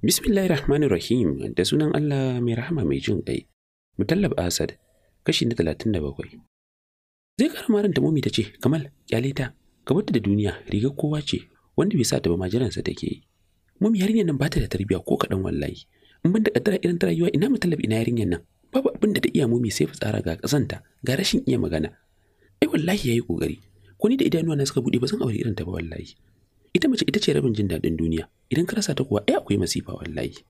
Bismillahi Rahim da sunan Allah mai rahama mai jin ƙai. Mutallab Asad, kashi na talatin da bakwai. Zai kara marar ta momi ta ce, Kamal, ƙyaleta, ta, wata da duniya, rigar kowa ce, wanda bai sa ta ba majiransa take yi. Momi yarinyar nan ba ta da tarbiya ko kaɗan wallahi. In ban da ƙaddara irin ta rayuwa ina mutallab ina yarinyar nan. Babu abin da ta iya momi sai fitsara ga ƙasanta, ga rashin iya magana, ai eh, wallahi yayi kokari ko ni da idanuwa na suka bude ba zan aure irin ta ba wallahi ita mace ita ce rabin jin daɗin duniya idan ka rasa ta kuwa ai akwai masifa wallahi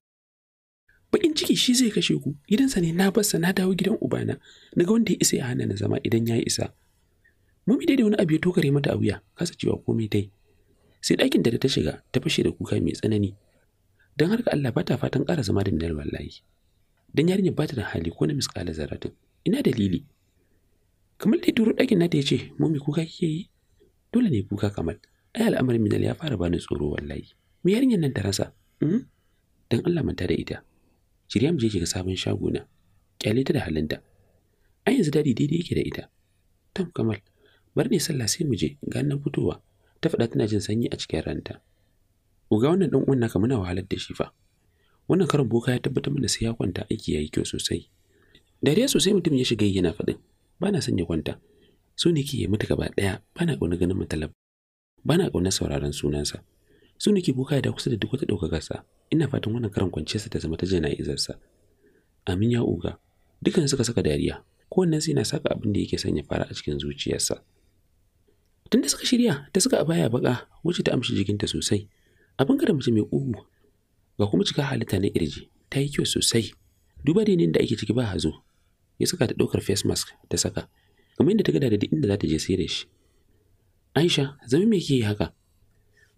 bakin ciki shi zai kashe ku gidansa ne na barsa na dawo gidan ubana naga wanda ya isa ya hana na zama idan ya isa mummi dai da wani abu ya tokare mata a wuya kasa cewa komai dai sai ɗakin da ta shiga ta fashe da kuka mai tsanani don har ga Allah ba ta fatan ƙara zama da minal wallahi dan yarinyar ba ta da hali ko na miskala zaratin ina dalili kamar dai turo ɗakin nata ya ce, mumi kuka kike yi? Dole ne kuka Kamal. Ai al'amarin Minal ya fara bani tsoro wallahi. Me yarinyar nan ta rasa? Hmm? Dan Allah manta da ita. Shirya mu je shiga sabon shago na. Kyale ta da halinta. Ai yanzu dadi daidai yake da ita. Tam Kamal, bar ne sallah sai mu je ga nan fitowa. Ta faɗa tana jin sanyi a cikin ranta. Uga wannan ɗan uwan naka muna wahalar da shi fa. wannan karin boka ya tabbatar mana sai ya kwanta aiki yayi kyau sosai dariya sosai mutum ya shiga yana faɗin ba na son ya kwanta so ne ya mutu gaba ɗaya ba na ƙauna ganin matalab, ba na ƙauna sauraron sunansa so ke buka da kusa da duk wata ɗaukakarsa ina fatan wannan karan kwanciyarsa ta zama ta jana'izarsa amin ya uga dukan suka saka dariya kowannen sai na saka abin da yake sanya fara a cikin zuciyarsa tunda suka shirya ta suka baya baka wuce ta amshi jikinta sosai abin kada mace mai ƙugu ga kuma cika halitta na ƙirji, ta yi kyau sosai duba da yanayin da ake ciki ba hazo ya saka ta ɗaukar face mask ta saka kamar yadda ta gada da duk inda za ta je sai da shi Aisha zama me ke haka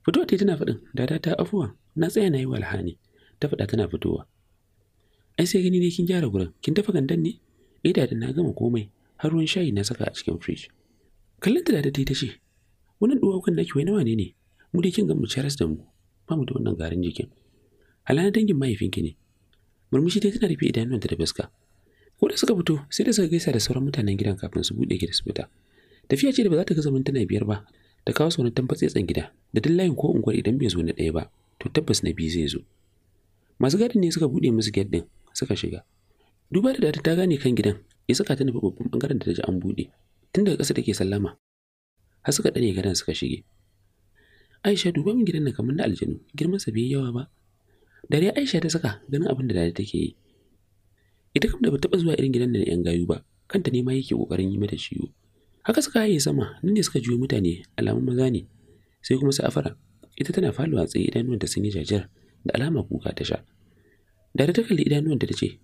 fitowa ta tana faɗin da ta afuwa na tsaya na yi walhani ta faɗa tana fitowa ai sai gani ne kin gyara gurin kin tafa gandan ne eh da na gama komai har ruwan shayi na saka a cikin fridge kallon ta da ta ta ce wannan kan naki wai nawa ne ne mu dai kin ga charas da mu ba mu da wannan garin jikin halana dangin mahaifinki ne murmushi dai tana rufe idanuwanta da fuska ko da suka fito sai da suka gaisa da sauran mutanen gidan kafin su buɗe gida su fita tafiya ce da ba za ta zaman tana biyar ba ta kawo sauran tambatsetsen gida da dillayin ko unguwar idan bai zo na ɗaya ba to tabbas na biyu zai zo masu gadin ne suka buɗe musu gate din suka shiga duba da data ta gane kan gidan ya saka ta nufi babban bangaren da ta ji an buɗe tun daga ƙasa take sallama har suka ɗane gadon suka shige Aisha duba min gidan nan kamar na aljanu girman sa bai yawa ba dare Aisha ta saka ganin abin da dare take yi ita kam da ba taɓa zuwa irin gidan da na 'yan gayu ba kanta ne ma yake ƙoƙarin yi mata ciwo haka suka haye sama nan ne suka juyo mutane alamun maza ne sai kuma su afara. ita tana faluwa tsaye idanuwanta sun yi jajar da alama kuka ta sha da ta kalli idanuwanta ta ce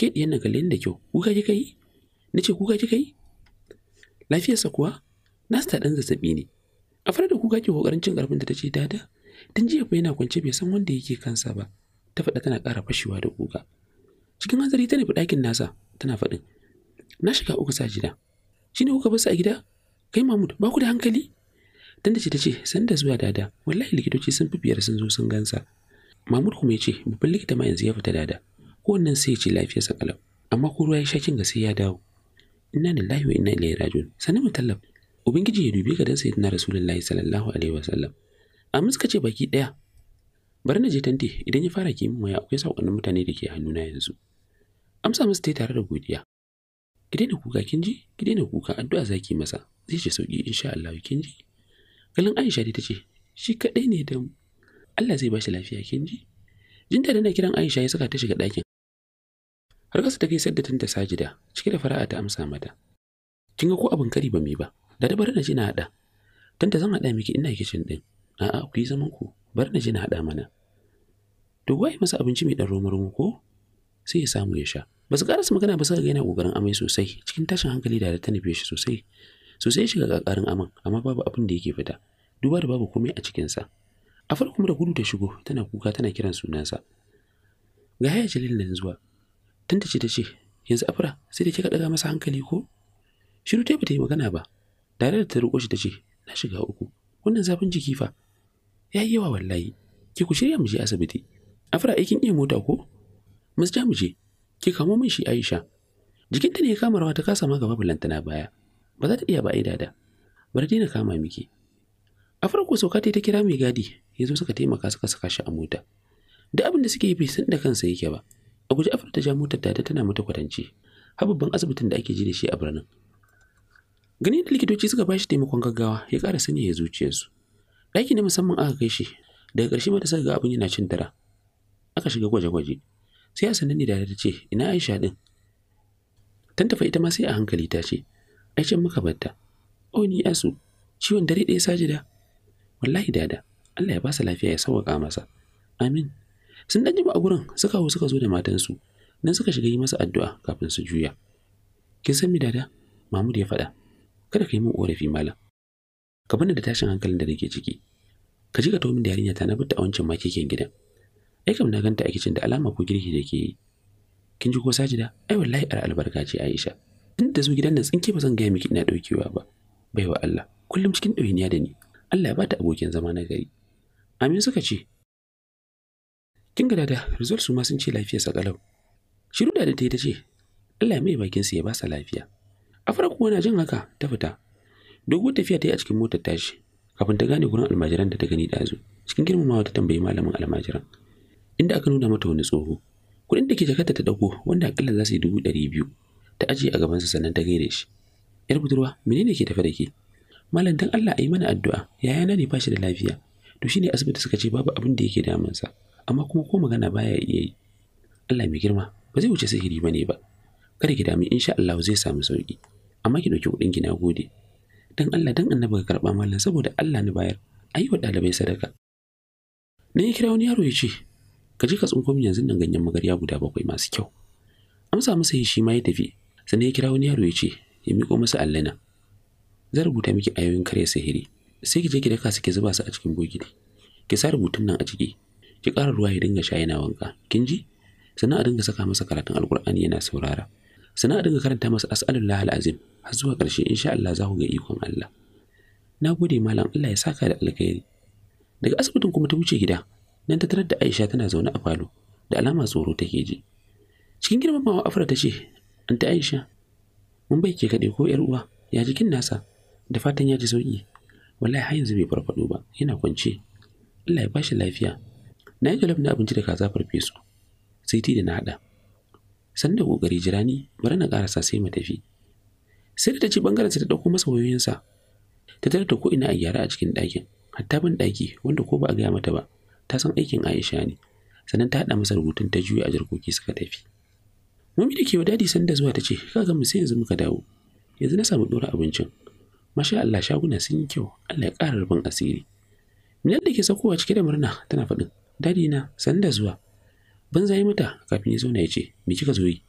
ke diyan nan kalli da kyau kuka kika yi na ce kuka kika yi lafiyarsa kuwa nasu ta ɗan zazzaɓi ne a fara da kuka ke ƙoƙarin cin ƙarfin da ta ce dada tun jiya fa yana kwance bai san wanda yake kansa ba ta faɗa tana ƙara fashewa da kuka cikin hanzari ta nufi ɗakin nasa tana faɗin na shiga uku sa gida shi ne kuka basu a gida kai mamud ba ku da hankali dan da ce ta ce san da zuwa dada wallahi likitoci sun fi biyar sun zo sun gansa Mamudu kuma ya ce babban likita ma yanzu ya fita dada Kowannan sai ya ce lafiyarsa kalau amma ko ruwa ya sha kin ga sai ya dawo inna lillahi wa inna ilaihi rajiun mu tallaf. ubangiji ya dubi ka dan sayyidina rasulullahi sallallahu alaihi wasallam amma suka ce baki ɗaya? bari na je tante idan ya fara kimin waya akwai sakonnin mutane da ke hannuna yanzu amsa masa tai tare da godiya ki daina kuka kin ji ki daina kuka addu'a zaki masa zai ce sauki insha Allah kin ji galin Aisha dai ce. shi kadai ne da Allah zai bashi lafiya kin ji jinta da na kiran Aisha ya saka ta shiga ɗakin har kasa ta kai saddatin ta sajida cike da fara'a ta amsa mata kin ga ko abin kari ba mai ba da da na ji na hada tanta zan haɗa miki ina kicin din a'a ku yi zaman ku bar na ji na hada mana to wai masa abinci mai dan romo ko sai ya samu ya sha ba su karasa magana ba suka ga yana kokarin amai sosai cikin tashin hankali da ta nufe shi sosai sosai shiga kakarin aman amma babu abin da yake fita duba da babu komai a cikinsa a farko da gudu ta shigo tana kuka tana kiran sunansa ga haya jalil nan zuwa tunda ce ta ce yanzu afra sai da kika daga masa hankali ko shiru ta bata yi magana ba tare da ta roƙo shi ta ce na shiga uku wannan zafin jiki fa ya yi yawa wallahi ki ku shirya mu je asibiti afra aikin iya mota ko Ms. Jamuje, ki kamo min shi Aisha. Jikinta ne ya kama rawa ta kasa ma gaba bulantana baya. Ba za ta iya ba yi dada. Bari dai na kama miki. A farko sauka ta kira mai gadi, ya zo suka taimaka suka saka shi a mota. Da abin da suke yi bai san da kansa yake ba. A guji Afra ta ja motar ta tana mata kwatance. Hababban asibitin da ake ji da shi a birnin. Gani da likitoci suka bashi taimakon gaggawa ya ƙara sani ya zuciyarsu. Ɗaki na musamman aka kai shi daga ƙarshe mata ga abin yana cin tara. Aka shiga gwaje-gwaje. sai a sanin da ta ce ina aisha din tan tafa ita ma sai a hankali ta ce aishin muka batta Oh ni asu ciwon dare ɗaya sajida wallahi dada Allah ya ba su lafiya ya sauka masa amin sun dan jima a gurin suka hau suka zo da matansu nan suka shiga yi masa addu'a kafin su juya kin san mi dada Mahmud ya faɗa kada ka yi min korafi malam ka bani da tashin hankalin da nake ciki ka ji ka tomin da yarinya ta na bata a wancan makekin gidan Aikam na ganta a kicin da alama ko girki da ke yi kin ji ko sajida ai wallahi ar albarka ce aisha tun da zo gidan nan tsinke ba zan gaya miki ina daukewa ba wa allah kullum cikin ɗawainiya da ni allah ya bata abokin zama na gari amin suka ce kin ga dada. result su ma sun ce lafiya kalau shiru da ta yi ta ce allah mai bakin sa ya ba sa lafiya a farko na jin haka ta fita doguwar tafiya ta yi a cikin motar tashi kafin ta gane gurin almajiran da ta gani ɗazu cikin girmamawa ta tambayi malamin almajiran inda aka nuna mata wani tsoho kuɗin da ke jakarta ta ɗauko wanda akalla za su yi dubu ɗari biyu ta ajiye a gabansa sannan ta gaida shi yar budurwa menene ke tafe da ke malam dan Allah ayi mana addu'a yaya na ne bashi da lafiya to shine asibiti suka ce babu abin da yake sa, amma kuma ko magana baya iya yi Allah mai girma ba zai wuce sihiri bane ba kada ki dami insha Allah zai samu sauki amma ki dauki kuɗin ki na gode dan Allah dan annabi ka karba malam saboda Allah ni bayar ayi wa ɗalibai sadaka ne ya kira wani yaro ya ce ka je ka tsinko min yanzu nan ganyen magarya guda bakwai masu kyau amsa masa yi shi ma ya tafi sannan ya kira wani yaro ya ce ya miƙo masa allana zan rubuta miki ayoyin karya sihiri sai ki je ki daka su ki zuba su a cikin bokiti ki sa rubutun nan a ciki ki ƙara ruwa ya dinga sha yana wanka kin ji sannan a dinga saka masa karatun alkur'ani yana saurara sannan a dinga karanta masa lahal alazim har zuwa ƙarshe insha Allah za ku ga ikon Allah na gode malam Allah ya saka da alkhairi daga asibitin kuma ta wuce gida nan ta tarar da Aisha tana zaune a falo da alama tsoro take ji cikin girmamawa Afra ta ce anta Aisha mun bai ke kaɗai ko 'yar uwa ya jikin nasa da fatan ya ji sauki wallahi har yanzu bai farfaɗo ba yana kwance Allah ya ba shi lafiya na yi jalof na abinci da kaza farfesu sai ti da na haɗa san da kokari jira ni bari na karasa sai mu tafi sai da ta ci bangaren ta dauko masa wayoyinsa ta tarar da ko'ina a gyara a cikin ɗakin hatta ban ɗaki wanda ko ba a gaya mata ba ta san aikin Aisha ne sannan ta haɗa masa rubutun ta juya a jarkoki suka tafi mummy da ke wa dadi sanda zuwa ta ce kaga mu sai yanzu muka dawo yanzu na samu dora abincin masha Allah shaguna sun yi kyau Allah ya ƙara rubin asiri Minan da ke sakowa cike da murna tana faɗin dadi na sanda zuwa ban zai mata kafin ya na ya ce me kika zo yi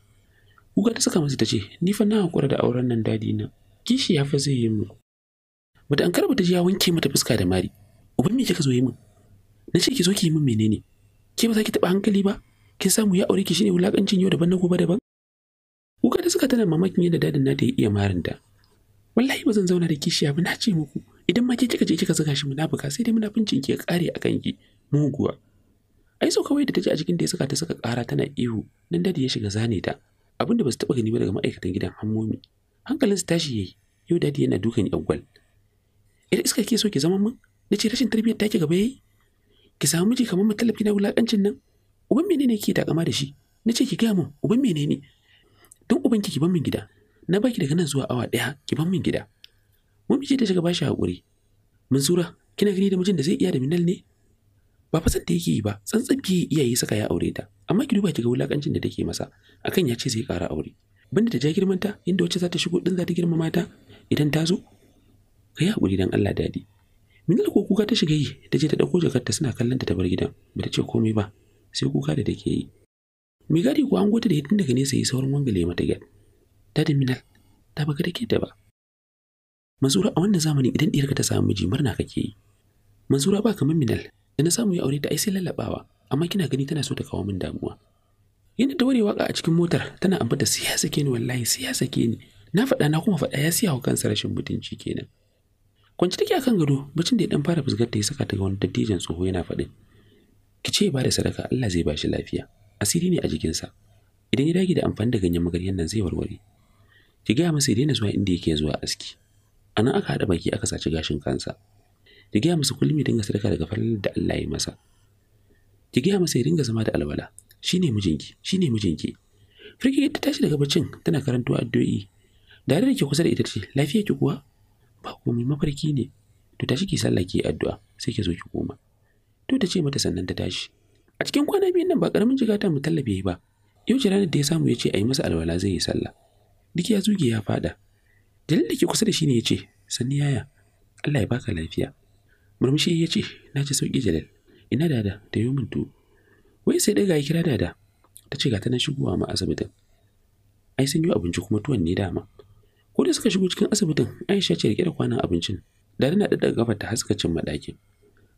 kuka ta saka masa ta ce ni fa na hakura da auren nan dadi na kishi ya fa zai yi mu bata an karba ta ji ya wanke mata fuska da mari uban me kika zo yi min na ce ki zo ki yi min menene ki ba za ki taɓa hankali ba kin samu ya aure ki shine wulakancin yau daban na gobe daban kuka da suka tana mamakin yadda dadin nata ya iya marinta wallahi ba zan zauna da kishiya ba na ce muku idan ma ke kika je kika saka shi munafuka sai dai munafincin ki ya kare a kanki muguwa ai so kawai da ta ji a jikin da ya saka ta saka kara tana ihu nan dadi ya shiga zane ta abinda ba su taɓa gani ba daga ma'aikatan gidan hammomi su tashi yayi yau dadi yana dukan yagwal idan iska ke so ki zama min na ce rashin tarbiyyar take gaba yayi ki samu miji kamar mu tallafi na wulakancin nan uban menene ke takama da shi na ce ki gaya mun uban menene don uban ki ban min gida na baki daga nan zuwa awa daya ki ban min gida mun fice ta shiga bashi hakuri mansura kina gani da mijin da zai iya da minal ne ba fasan da yake yi ba tsantsan ke iyaye saka ya aure ta amma ki duba ki ga wulakancin da take masa akan ya ce zai ƙara aure banda ta ja girman ta inda wacce za ta shigo din za ta girmama ta idan ta zo ka yi hakuri don Allah dadi Minal ko kuka ta shiga yi, ta je ta ɗauko jakarta suna kallon ta bar gidan, bata ce komai ba, sai kuka da take yi. Mai gadi ko an gota da hitin daga nesa yi sauran wangale mata gyan. da Minal, ta baka take ta ba. Mansura a wannan zamanin idan ɗiyarka ta samu miji murna kake yi. Mansura ba kamar Minal, da na samu ya aure ta ai sai lallaɓawa, amma kina gani tana so ta kawo min damuwa. Yana ta ware waka a cikin motar tana ambata sai ya ni wallahi sai ya ni. Na faɗa na kuma faɗa ya siya wa kansa rashin mutunci kenan. kwanci take akan gado bacin da ya dan fara fusgar ta ya saka ta ga wani dattijan tsoho yana faɗin ki ce ba da sadaka Allah zai ba shi lafiya asiri ne a jikinsa idan ya dage da amfani da ganyen magaryan nan zai warware ki gaya masa ya daina zuwa inda yake zuwa aski a nan aka haɗa baki aka saci gashin kansa ki gaya masa kullum ya dinga sadaka daga farin da Allah ya masa ki gaya masa ya dinga zama da alwala shine mijinki shine mijinki firki ta tashi daga baccin tana karanto addu'o'i da da ke kusa da ita ce lafiya ki kuwa ba komai mafarki ne to tashi ki sallah ki addu'a sai ki zo ki koma to ta ce mata sannan ta tashi a cikin kwana biyun nan ba karamin jigata mu tallabe ba yau ce ranar da ya samu ya ce a yi masa alwala zai yi sallah duk ya zuge ya fada jalil da ke kusa da shi ne ya ce sanni yaya Allah ya baka lafiya murmushi ya ce na ci sauki jalil ina dada da yi min tuwo wai sai daga ya kira dada ta ce ga ta na shigowa ma asibitin ai sun yi abinci kuma tuwon ne dama ko da suka shigo cikin asibitin aisha ce rike da kwanan abincin da na daɗa gafar ta haskacin cin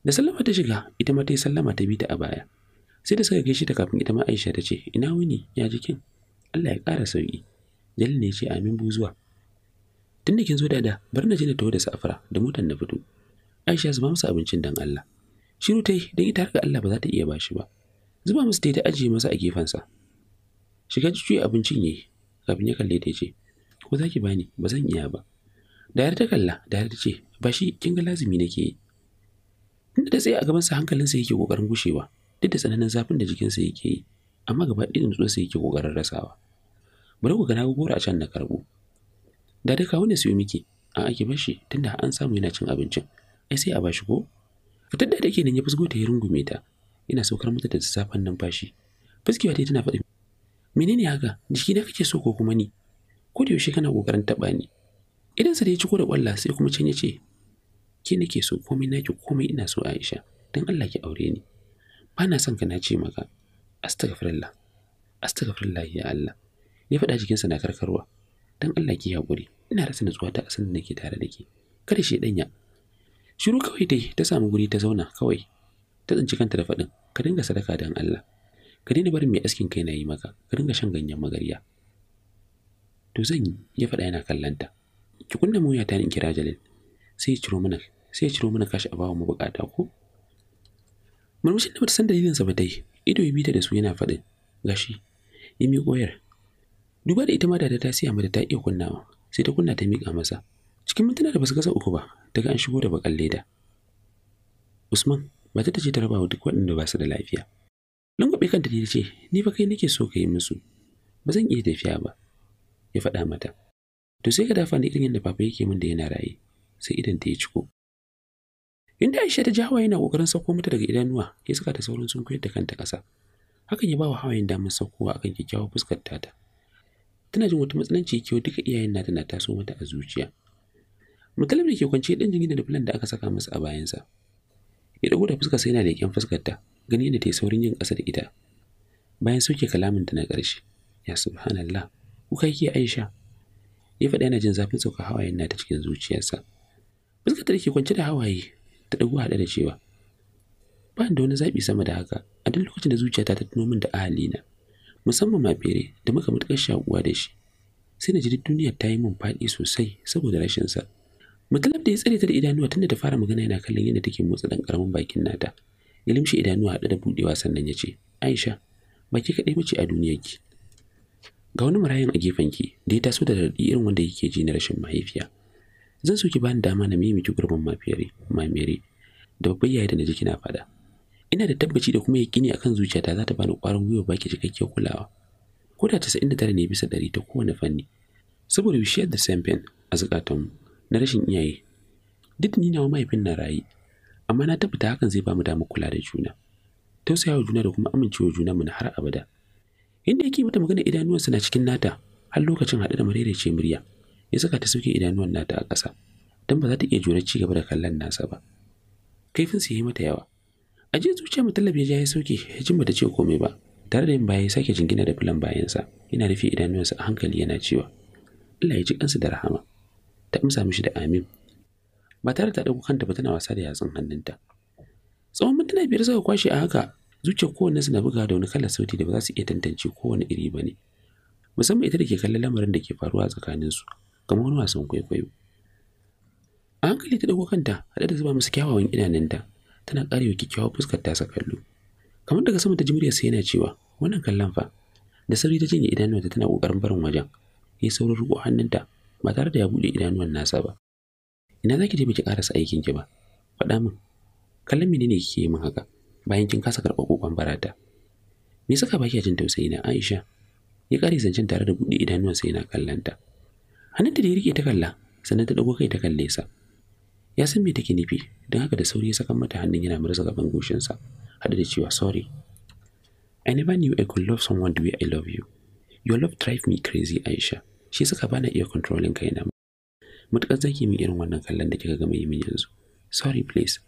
da sallama ta shiga ita ma ta yi sallama ta bi ta a baya sai da suka gaishe ta kafin ita ma aisha ta ce ina wuni ya jikin allah ya ƙara sauki. jalil ne ya ce amin bu zuwa? da kin zo dada bar na je na taho da safara da motar na fito aisha zuba musu abincin dan allah shiru ta yi don ita har ga allah ba za ta iya bashi ba zuba musu ta yi ta ajiye masa a gefensa shiga jujjuya abincin ne. kafin ya kalle ta ce ko za ki bani ba zan iya ba dare ta kalla yar ta ce ba shi kin ga lazumi nake yi tunda da tsaye a gabansa hankalinsa yake kokarin gushewa duk da tsananin zafin da jikinsa yake yi amma gaba ɗaya nutsuwarsa yake kokarin rasawa bari ku ga na gora a can na karɓo da da kawo ne siyo miki a ake bashi tunda an samu yana cin abincin ai sai a bashi ko fitar da take nan ya fusgo ta ya rungume ta ina saukar mata da zafin numfashi fuskewa ta tana faɗi menene haka jiki na kake so ko kuma ni ko da yaushe kana kokarin taba ni idan sa da ya ciko da kwalla sai kuma can ya ce ke nake so komai naki komai ina so Aisha dan Allah ki aure ni ba na son ka na ce maka astaghfirullah astaghfirullah ya Allah ya faɗa sa na karkarwa dan Allah ki hakuri ina rasa natsuwa ta asan da nake tare da ke kada shi danya shiru kawai dai ta samu guri ta zauna kawai ta tsinci kanta da faɗin ka dinga sadaka dan Allah ka daina barin mai askin kai na yi maka ka dinga shan ganyen magarya to zan yi ya faɗa yana kallanta ki kunna mu ta in kira Jalil sai ya ciro mana sai ya ciro mana kashi a bawa mu bukata ko murmushin da bata san dalilinsa ba dai ido ya bita da su yana faɗin gashi ya mi koyar. duba da ita ma da ta siya mata ta iya kunnawa sai ta kunna ta miƙa masa cikin mintuna da basu gasa uku ba daga an shigo da bakan leda Usman ba ta ce ta raba duk waɗanda ba su da lafiya bai kanta ne ce ni fa kai nake so ka yi musu ba zan iya tafiya ba ya faɗa mata to sai ka dafa ni irin yadda papa yake min da yana raye sai idan ta yi ciko inda Aisha ta ji hawaye na kokarin sauko mata daga idanuwa ya saka ta saurin sun da kanta ƙasa hakan ya ba wa hawayen damar saukowa akan kyakkyawar fuskar tata tana jin wata matsananci kyau duka iyayen nata na taso mata a zuciya mutalib da ke kwance dan jingina da filan da aka saka masa a bayansa ya dago da fuskarsa yana leƙen fuskar ta gani yadda ta yi saurin yin ƙasa da ita bayan sauke kalamin ta na ƙarshe ya subhanallah kuka ke Aisha ya faɗa yana jin zafin sauka hawayen ta cikin zuciyarsa fuskar da ke kwance da hawaye ta ɗago haɗe da cewa ba da wani zaɓi sama da haka a duk lokacin da zuciyata ta tuno min da ahalina musamman ma fere da muka mutukar shakuwa da shi sai na ji duk duniya ta yi min faɗi sosai saboda rashin sa mutalab da ya tsare ta da idanuwa tunda ta fara magana yana kallon yadda take motsa dan karamin bakin nata ya limshe idanuwa haɗe da buɗewa sannan ya ce aisha baki kaɗai mace a duniyarki ga wani marayin a gefen ki da ya taso da daɗi irin wanda yake ji na rashin mahaifiya zan so ki bani dama na mimi ki gurbin mafiyari mamere da babban yayi da naji kina fada ina da tabbaci da kuma yakini akan zuciyata za ta bani ƙwarin gwiwa baki cikakke kulawa ko da 99 ne bisa ɗari ta kowane fanni saboda we share the same pain a mu na rashin iyaye duk ni nawa mahaifin na rayu amma na tabbata hakan zai bamu damar kula da juna tausayawa juna da kuma amincewa juna mu na har abada Inda yake mata magana idanuwansa na cikin nata har lokacin haɗe da madaidaice murya ya saka ta sauke idanuwan nata a ƙasa don ba za ta iya jure ci gaba da kallon nasa ba. Kaifin su yi mata yawa. A jiya zuciya mutallab ya ja ya sauke ya jin bata ce komai ba tare da yin baya ya sake jingina da filan bayansa yana rufe idanuwansa a hankali yana cewa Allah ya ji kansu da rahama. Ta amsa mishi da amin. Ba tare da ta ɗago kanta ba tana wasa da yatsun hannunta. Tsawon mintuna biyar suka kwashe a haka zuciyar kowanne suna buga da wani kalar sauti da ba za su iya tantance kowane iri ba ne musamman ita da ke kallon lamarin da ke faruwa a su kamar wani wasan kwaikwayo a hankali ta dauko kanta haɗe da zuba musu kyawawan idanun ta tana ƙarewa kyakkyawar fuskar tasa kallo kamar daga sama ta ji sai yana cewa wannan kallon fa da sauri ta janye idanuwanta tana ƙoƙarin barin wajen ya saurin riƙo hannunta ba tare da ya buɗe idanuwan nasa ba ina za ki je ki ƙarasa ki ba faɗa min kallon menene kike yi min haka bayan kin kasa karɓar kokon barata me saka baki jin tausayi na Aisha ya kare zancen tare da buɗe idanuwansa yana kallanta hannunta da ya rike ta kalla sannan ta dago kai ta kalle sa ya san me take nufi don haka da sauri ya saka mata hannun yana murza gaban goshinsa hada da cewa sorry I never knew I could love someone the way I love you. Your love drive me crazy, Aisha. Shi saka bana iya controlling kaina. Mutukar zaki min irin wannan kallon da kika gama yi min yanzu. Sorry please.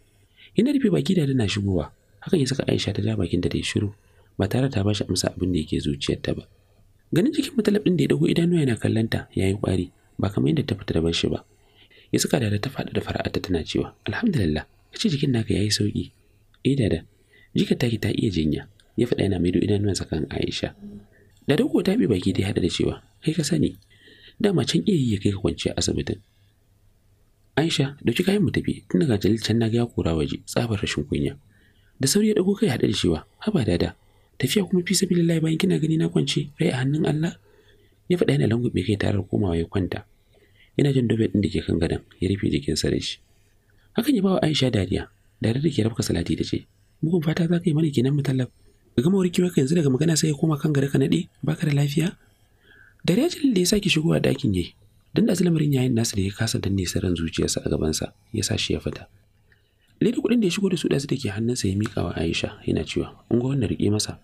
Ina rufe baki da na shigowa hakan ya saka Aisha ta ja bakin da ta shiru ba tare ta bashi amsa abin da yake zuciyarta ba ganin jikin mutalab din da ya dago idanu yana kallanta yayi kwari ba kamar yadda ta fita da bashi ba ya saka da ta fada da fara'ata tana cewa alhamdulillah kace jikin naka yayi sauki eh dada jika taki ta iya jinya ya faɗa yana maido idanuwan sakan Aisha da dauko ta bi baki da hada da cewa kai ka sani dama can iya yi ya kai ka a asibitin Aisha dauki kayan mu tafi tun daga jalil can naga ya kora waje tsabar rashin kunya da sauri ya ɗago kai haɗe da cewa haba dada tafiya kuma fi sabilillahi bayan kina gani na kwance rai a hannun Allah ya faɗa yana langube kai tarar komawa ya kwanta yana jin dobe din da ke kan gadon ya rufe jikinsa da shi hakan ya bawa Aisha dariya dare da ke rafka salati da ce bugun fata za ka yi mana kenan mutallaf ka gama warkewa ka yanzu daga magana sai ya koma kan gare ka naɗe baka da lafiya dare ya da ya sake shigowa dakin yayi dan da azlamarin yayin nasu da ya kasa danne sirrin zuciyarsa a gabansa ya sa shi ya fita Leda kudin da ya shigo da su ɗansu da ke hannunsa ya miƙa wa Aisha yana cewa in wannan riƙe masa.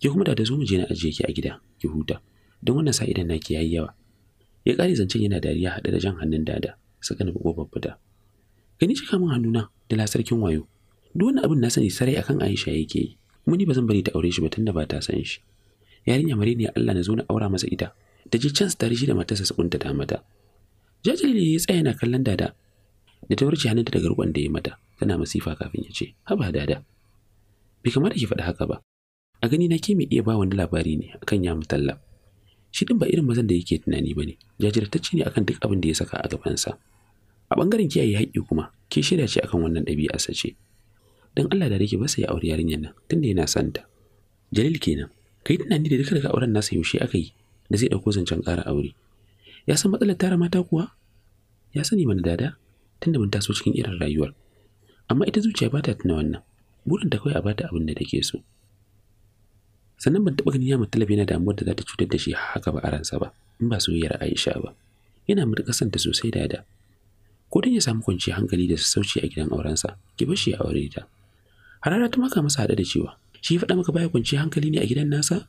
Ki kuma da da zo mu je na ajiye ki a gida ki huta don wannan sa idan naki yayi yawa. Ya ƙare zancen yana dariya haɗe da jan hannun dada saka nufi bugo babbada Gani shi min hannuna da lasarkin wayo. Duk wani abin na sani sarai akan Aisha yake yi. Kuma ni ba zan bari ta aure shi ba tunda ba ta san shi. Yarinya mare ne Allah na zo na aura masa ita. Da ji chance tare shi da matarsa su kunta ta mata. Jajiri ya tsaya yana kallon dada da ta wurce hannunta daga rukon da ya mata tana masifa kafin ya ce haba dada bai kamata ki faɗi haka ba a gani na ke mai iya ba wani labari ne akan ya mutalla shi ɗin ba irin mazan da yake tunani ba ne jajirtacce ne akan duk abin da ya saka a gabansa a ɓangaren kiyaye haƙƙi kuma ke shirya ce akan wannan ɗabi'a ce Don Allah da rike masa ya aure yarinyar nan tunda yana santa Jalil kenan kai tunani da duka daga auren nasa yaushe aka yi da zai dauko zancen ƙara aure ya san matsalar tara mata kuwa ya sani mana dada tunda mun taso cikin irin rayuwar amma ita zuciya ba ta tuna wannan burin da kawai a bata abin da take so sannan ban taɓa ganin yamin talabi yana damuwar da za ta cutar da shi haka ba a ransa ba in ba soyayyar aisha ba yana matuƙar santa sosai da da ko dan ya samu kwanciyar hankali da sassauci a gidan aurensa ki bar shi ya aure ta harara ta maka masa hada da cewa shi faɗa maka baya kwanciyar hankali ne a gidan nasa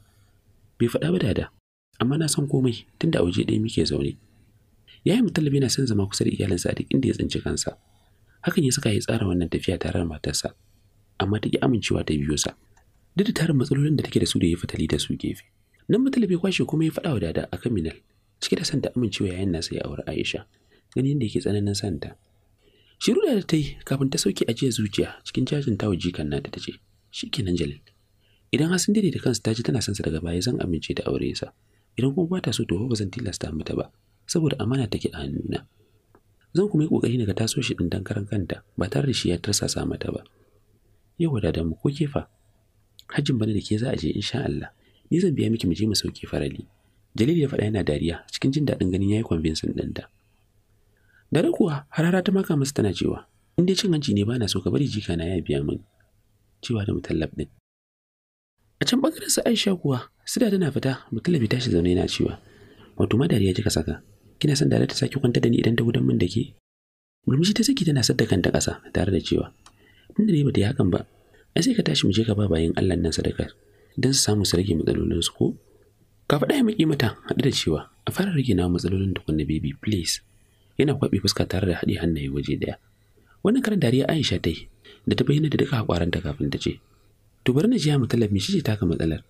bai faɗa ba dada amma na san komai tunda a waje ɗaya muke zaune yayin mutum yana son zama kusa da iyalinsa a duk inda ya tsinci kansa hakan ya saka ya tsara wannan tafiya tare da matarsa amma ta ki amincewa ta biyo sa duk da tarin matsalolin da take da su da ya fitali da su gefe nan mutum ya kwashe kuma ya faɗa wa dada a minal cike da son ta amincewa yayin nasa ya aure Aisha ganin yadda yake tsananin santa shiru da ta yi kafin ta sauke ajiyar zuciya cikin cajin tawa jikan nata ta ce Shi shikenan Jalil idan har sun da kansu ta ji tana son sa daga baya zan amince da aure sa idan kuma ba ta so to ba zan tilasta mata ba saboda amana take a hannuna zan kuma yi kokari daga taso shi din dankaran kanta ba tare da shi ya tarsasa mata ba yau da mu ko kefa hajjin bana da ke za a je insha Allah ni zan biya miki mu je mu sauke farali Jalil ya faɗa yana dariya cikin jin daɗin ganin yayi convincing ɗinta dare kuwa harara ta maka masa tana cewa in dai cin hanci ne bana so ka bari jika na ya biya min cewa da mutallab din a can bangaren su Aisha kuwa sida tana fita mutallab ta tashi zaune yana cewa wato dariya kika saka kina son da ta saki kwanta da ni idan ta gudan min da ke murmushi ta saki tana sadda kanta ƙasa tare da cewa tunda ne bata yi hakan ba ai sai ka tashi mu je ka ba bayin Allah nan sadakar dan su samu su rage matsalolin su ko ka faɗa mu mata haɗu da cewa a fara rage nawa matsalolin da kunna baby please yana kwaɓe fuska tare da haɗi hannaye waje ɗaya. wannan karin dariya Aisha ta yi da ta bayyana da duka hakwaranta kafin ta ce to bari na jiya mu talabi shi ce taka matsalar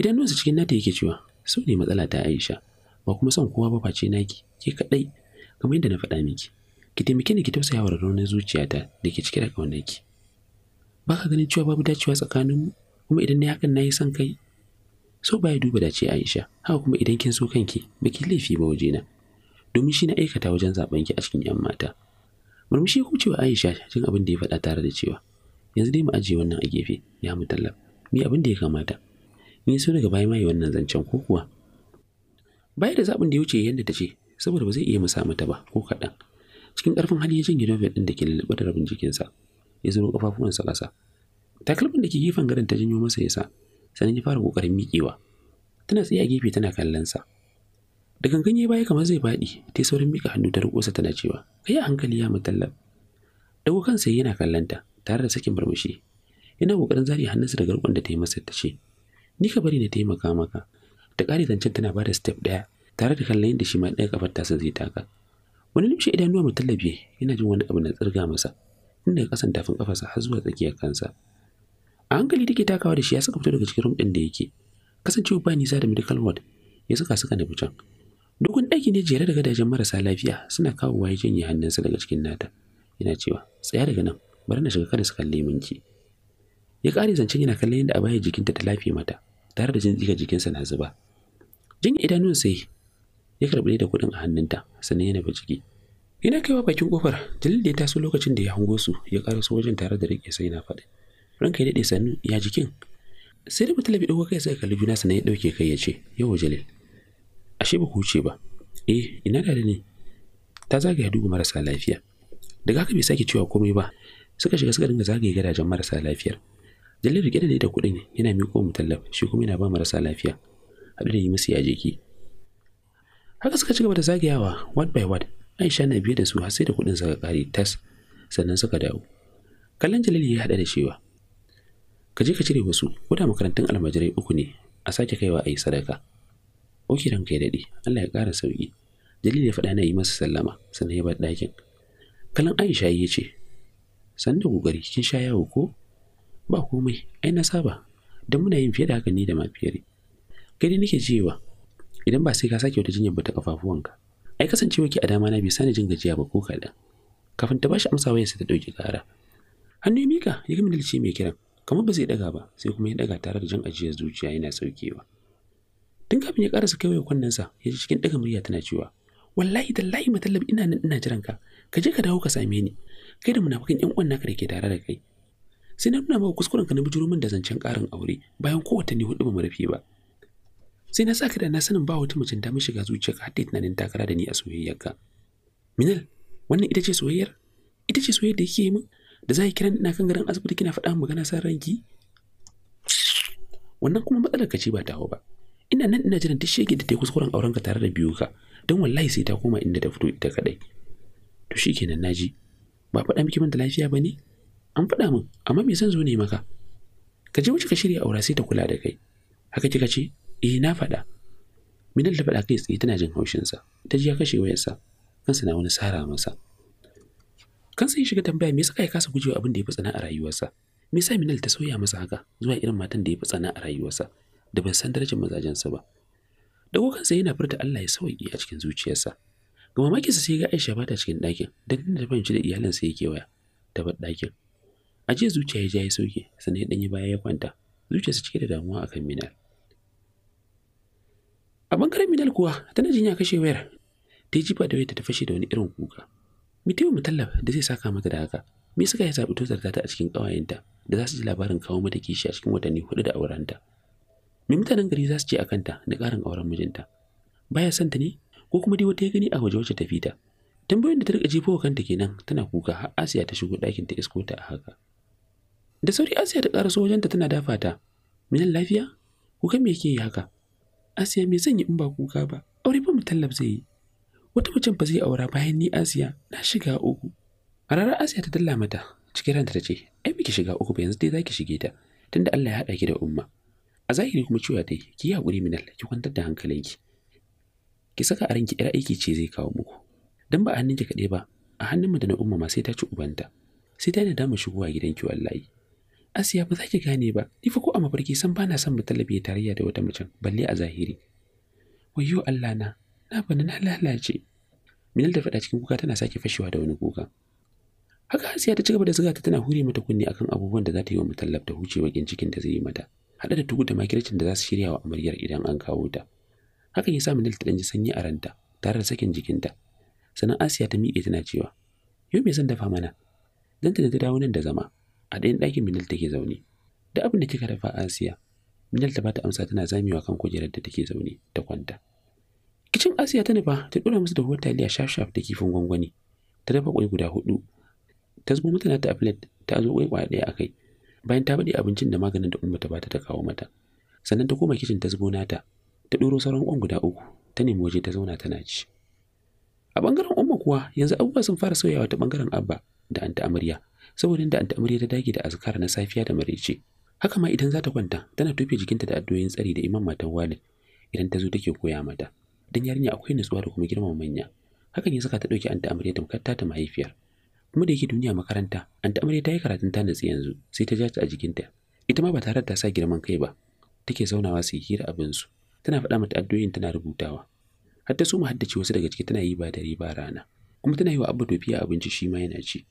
Idan su cikin nata yake cewa su ne matsala ta Aisha ba kuma son kowa ba face naki ke kaɗai kamar yadda na faɗa miki ki taimake ni ki tausaya wa raunin zuciyata da ke cike da ƙaunarki ba ka ganin cewa babu dacewa tsakaninmu kuma idan na hakan na yi son kai so baya duba dace Aisha haka kuma idan kin so kanki baki laifi ba waje na. domin shi na aikata wajen zaben ki a cikin yan mata murmushi ku cewa Aisha cikin abin da ya faɗa tare da cewa yanzu dai mu ajiye wannan a gefe ya mutalla ni abin da ya kamata ni so daga baya mai wannan zancen ko kuwa Baya da zaɓin da ya wuce yadda ta ce, saboda ba zai iya musa mata ba ko kaɗan. Cikin ƙarfin hali ya janye nobel ɗin da ke lulluɓe da rabin jikinsa, ya zuro ƙafafuwansa ƙasa. Takalmin da ke gefen gadon ta janyo masa ya sa, sannan ya fara ƙoƙarin miƙewa. Tana tsaye a gefe tana kallon sa. Da gangan ya baya kamar zai faɗi, ta saurin miƙa hannu ta riƙosa tana cewa, kai a hankali ya mutallab. Dago kansa yana kallon ta, tare da sakin murmushi. Yana ƙoƙarin zari hannunsa da garkon da ta yi masa ta ce, ni ka bari na taimaka maka Da kare zancen tana bada step ɗaya tare da kallon yadda shi ma ɗaya kafar tasa zai taka wani limshe idanuwa mutum tallafi yana jin wani abu na tsirga masa inda ya kasan tafin kafarsa har zuwa tsakiyar kansa a hankali take takawa da shi ya saka fito daga cikin rumɗin ɗin da yake kasancewa ba nisa da medical ward ya saka suka nufi can dukun ɗaki ne jere da gadajen marasa lafiya suna wa ya janye hannunsa daga cikin nata yana cewa tsaya daga nan bari na shiga kada su kalle minki ya ƙare zancen yana kallon yadda abaya jikinta ta lafiya mata tare da jin tsika jikinsa na zuba jin idanun sai ya karɓi da kuɗin a hannunta sannan yana nufi ciki yana kaiwa bakin kofar jalil da ya taso lokacin da ya hango su ya karaso wajen tare da riƙe sai na faɗi ranka ya daɗe sannu ya jikin sai da ya ɗauko kai sai kalli juna sannan ya ɗauke kai ya ce yawa jalil ashe ba ku wuce ba eh ina da ne ta zagaya duba marasa lafiya daga haka bai sake cewa komai ba suka shiga suka dinga zagaye gadajen marasa lafiyar Jalil rike da da kuɗin yana miko mu tallaf shi kuma yana ba marasa lafiya. Haɗu da yi musu ya jiki. Haka suka ci gaba da zagayawa wat by wat, Aisha na biye da su har sai da kuɗin suka kare tas sannan suka dawo. Kallon Jalil ya haɗa da cewa ka je ka cire wasu ko da makarantun almajirai uku ne a sake kaiwa a yi sadaka. Oki ka ya daɗi, Allah ya ƙara sauki. Jalil ya faɗa na yi masa sallama sannan ya bar ɗakin. Kallon Aisha ya ce, San da kokari kin sha yawo ko? ba komai ai na saba don muna yin fiye da haka ni da mafiyar kai dai nake cewa idan ba sai ka sake wata jinyar bata ta kafafuwanka ai kasancewa ke a dama na bai sani jin gajiya ba ko kaɗan kafin ta bashi amsa wayarsa ta ɗauki ƙara hannu ya mika ya ga mai kiran kamar ba zai ɗaga ba sai kuma ya daga tare da jan ajiyar zuciya yana saukewa tun kafin ya karasa kai waya kunnensa ya ji cikin ɗaga murya tana cewa wallahi da tallahi matallabi ina nan ina jiran ka ka je ka dawo ka same ni kai da munafukan yan uwan naka da ke tare da kai sai na nuna maka kuskuren ka na bijiro min da zancen ƙarin aure bayan ko watanni hudu ba mu rufe ba sai na saka da na sanin ba wata mace damar shiga zuciyarka har da tunanin takara da ni a ka minal wannan ita ce soyayyar ita ce soyayyar da yake min da za ki kira ina kan garin asibiti kina faɗa magana san ranki wannan kuma matsalar ka ce ba tawo ba ina nan ina jiran ta shege da ta yi kuskuren aurenka tare da biyu ka don wallahi sai ta koma inda ta fito ita kadai to shikenan naji ba faɗa miki man da lafiya ba ne an faɗa min amma me zan zo ne maka ka je wuce ka shirya aura sai ta kula da kai haka kika ce eh na faɗa Minal ta faɗa kai tsaye tana jin haushinsa ta ji ya kashe wayarsa kansa na wani sara masa kansa ya shiga tambaya me yasa kai kasa gujewa abin da ya fi tsana a rayuwarsa me yasa Minal ta sauya masa haka zuwa irin matan da ya fi tsana a rayuwarsa da ban san darajar mazajensa ba dago kansa yana furta Allah ya sauki a cikin zuciyarsa ga mamakinsa sai ga Aisha bata cikin ɗakin dan da fahimci da iyalinsa yake waya ta bar ɗakin a jiya zuciya ya ja ya sauke sannan ya ɗanyi baya ya kwanta zuciya su cike da damuwa akan minal a bangaren minal kuwa tana jin ya kashe wayar ta yi jifa da wayar ta fashe da wani irin kuka mu mutallaf da zai saka mata da haka me suka ya zaɓi tozar ta a cikin ƙawayenta da za su ji labarin kawo mata kishi a cikin watanni hudu da aurenta me mutanen gari za su ce a kanta da ƙarin auren mijinta baya son ta ne ko kuma dai wata ya gani a waje wacce ta fita tambayoyin da ta rika jefowa kanta kenan tana kuka har Asiya ta shigo ɗakin ta isko a haka da sauri asiya ta ƙaraso wajenta tana dafa ta minan lafiya kuka me yake yi haka asiya me zan yi in ba kuka ba aure ba mu tallaf zai yi wata mutum ba zai aura bayan ni asiya na shiga uku a ranar asiya ta dalla mata cikin ranta ta ce ai miki shiga uku ba yanzu dai zaki shige ta tunda Allah ya haɗa ki da umma a zahiri kuma cewa dai ki yi hakuri minal ki kwantar da hankalinki ki saka a ranki 'yar aiki ce zai kawo muku dan ba a hannunki kaɗai ba a hannun mu da na umma ma sai ta ci ubanta sai ta yi nadama shigowa gidanki wallahi Asiya ba za ki gane ba, ni fa ko a mafarki san ba na son mu talabe tarayya da wata macen, balle a zahiri. Wayyo Allah na, na bani na lalace. Minal da faɗa cikin kuka tana sake fashewa da wani kuka. Haka Asiya ta cigaba da zuga ta tana hure mata kunni akan abubuwan da za ta yi wa mutallab da hucewa cikin da zai yi mata, haɗa da tugu da makircin da za su shirya wa amaryar idan an kawo ta. Haka ya sa Minal ta ɗan sanyi a ranta, tare da sakin jikinta. Sannan Asiya ta miƙe tana cewa, yau me zan dafa mana? Dan ta dawo nan da zama. a ɗayan ɗakin Minal take zaune da abin da kika dafa Asiya Minal ta bata amsa tana zamewa kan kujerar da take zaune ta kwanta kicin Asiya ta nufa ta dora musu da wata taliya shaf-shaf da kifin gwangwani ta dafa ƙwai guda hudu ta zubo mata ta a filet ta zo ƙwai ƙwaya ɗaya kai, bayan ta baɗe abincin da maganin da umma ta bata ta kawo mata sannan ta koma kicin ta zubo nata ta ɗoro sauran kwan guda uku ta nemi waje ta zauna tana ci a ɓangaren umma kuwa yanzu abubuwa sun fara sauyawa ta ɓangaren abba da anta amarya saboda da anta amarya ta dage da azkar na safiya da maraice haka ma idan za ta kwanta tana tofe jikinta da addu'o'in tsari da imam matan walid idan ta zo take koya mata dan yarinya akwai nutsuwa da kuma girmama manya hakan ya saka ta dauki anta amarya tamkar ta mahaifiyar kuma da yake duniya makaranta an amarya ta yi karatun ta yanzu sai ta jaci a jikinta ita ma ba tare da ta sa girman kai ba take zaunawa su yi hira abin su. tana faɗa mata addu'o'in tana rubutawa har ta so mu haddace wasu daga ciki tana yi ba dare ba rana kuma tana yi wa abba tofiya abinci shi ma yana ci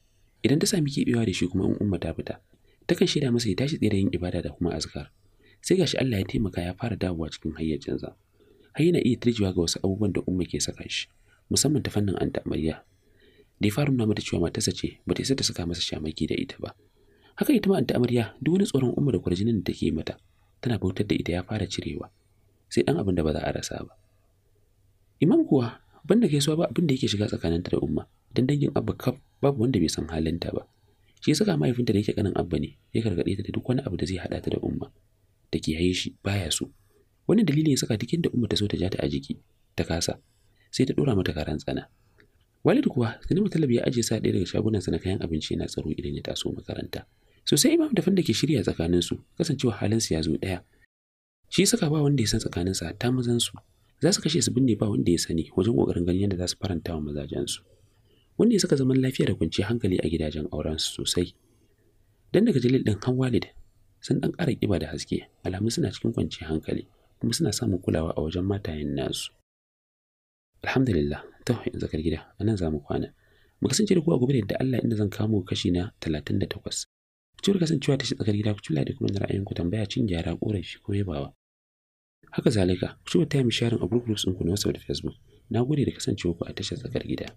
idan ta sami keɓewa da shi kuma in umma ta fita takan shaida masa ya tashi tsaye yin ibada da kuma azkar sai gashi Allah ya taimaka ya fara dawowa cikin hayyacinsa har yana iya turjewa ga wasu abubuwan da umma ke saka shi musamman ta fannin an amarya da ya fara nuna mata cewa matarsa ce ba ta isa ta saka masa shamaki da ita ba haka ita ma an amarya duk wani tsoron umma da kwarjinin da take mata tana bautar da ita ya fara cirewa sai dan abin da ba za a rasa ba imam kuwa banda gaisuwa ba abin da yake shiga tsakaninta da umma Dan dangin abba kaf babu wanda bai san halinta ba shi saka mahaifinta da yake kanin abba ne ya gargade ta da duk wani abu da zai hada ta da umma da ke haye shi baya so wannan dalilin ya saka duk inda umma ta so ta ja ta a jiki ta kasa sai ta dora mata karan tsana Walid kuwa Sani Talab ya ajiye sa ɗaya daga shagunansa na kayan abinci yana tsaro idan ya taso makaranta. Sosai Imam da Fanda ke shirya tsakanin su, kasancewa su ya zo ɗaya. Shi saka ba wanda ya san tsakaninsa ta mazan su. Za su kashe su binne ba wanda ya sani wajen kokarin ganin yadda za su faranta wa wanda ya saka zaman lafiya da kwanciyar hankali a gidajen auren su sosai dan daga jalil din han walid sun dan ƙara kiba da haske alamu suna cikin kwanciyar hankali kuma suna samun kulawa a wajen matayen nasu alhamdulillah ta hanyar zakar gida anan za mu kwana mu kasance da ku a gobe da Allah inda zan kamo kashi na 38 Kucewar kasancewa ta shi tsakar gida ku cula da kuma ra'ayinku tambaya cin gyara korafi ko yabawa. Haka zalika, ku ci wa time sharing a group groups ɗinku na WhatsApp da Facebook. Na gode da kasancewa ku a tashar tsakar gida.